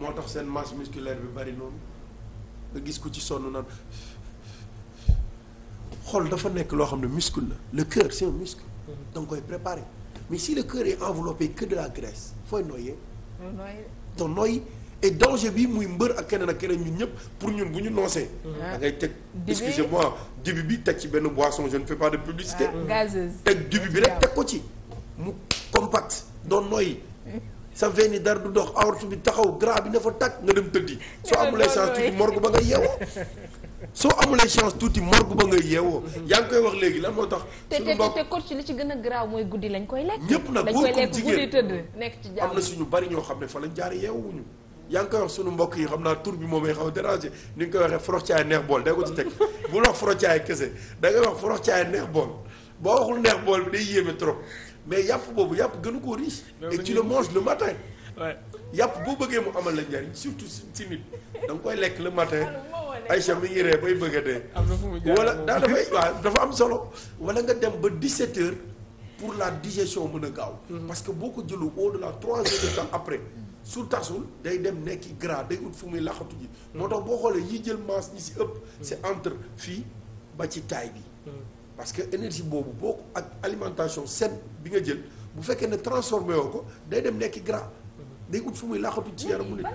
moo tax seen masse musculaire bi bari noonu nga gis ko ci sonn naan xool dafa nekk loo xam ne muscle la le cœur c'est un muscle mm-hmm. da nga koy préparer mais si le cœur est enveloppé que de la graisse fooy noyyee donc nooy et danger bi muy mbër ak keneen ak keneen ñun ñëpp pour ñun bu ñu noosee mm-hmm. da teg excusez-moi dibi bi teg ci benn boisson je ne fais pas de publicité ah, teg dibi bi rek teg ko ci mu compact doon nooy sa veine yi dara du dox aorte bi taxaw gras bi na fa tàkk nga dem tëddi soo eh, amulee chance tuuti morgue ba nga yeewoo soo amulee chance tuuti morgue ba nga yeewoo yaa ngi koy wax léegi lan moo tax suñu mbokk te coach li ci gën a graaw mooy guddi lañ koy lekk ñépp nag góor comme jigéen tëdd nekk ci am na suñu bari ñoo xam ne fa lañ jaare yeewuñu yaa ngi koy wax sunu mbokk yi xam naa tur bi moom ay xaw a déranger ni nga koy waxee forox caay neex bool day ko ci teg bu wax forox caay kese da ngay wax forox caay neex bool boo waxul neex bool bi day yéeme trop mais yàpp boobu yàpp gënu koo riche. et tu le manges le matin. yàpp boo bëggee mu amal la njariñ surtout si nit da nga koy lekk le matin Aïcha mi ngi ree bay bëgg a dee. am na fu mu wala daa dafay waaw dafa am solo. wala nga dem ba 17 heures pour la digestion mën a gaaw. Mhm. parce que boo ko jëlu au delà 3 heures de temps après. su tasul day dem nekki gras day ut fu muy laxatu ji. Mhm. moo tax boo xoolee yi jël masse ñi si ëpp. c'est entre fii ba ci taille bi. Mhm. parce que énergie boobu boo ko ak alimentation saine bi nga jël bu fekkee ne transformé woo ko day dem nekk gras day ut fu muy laaxatu ci yaramu nit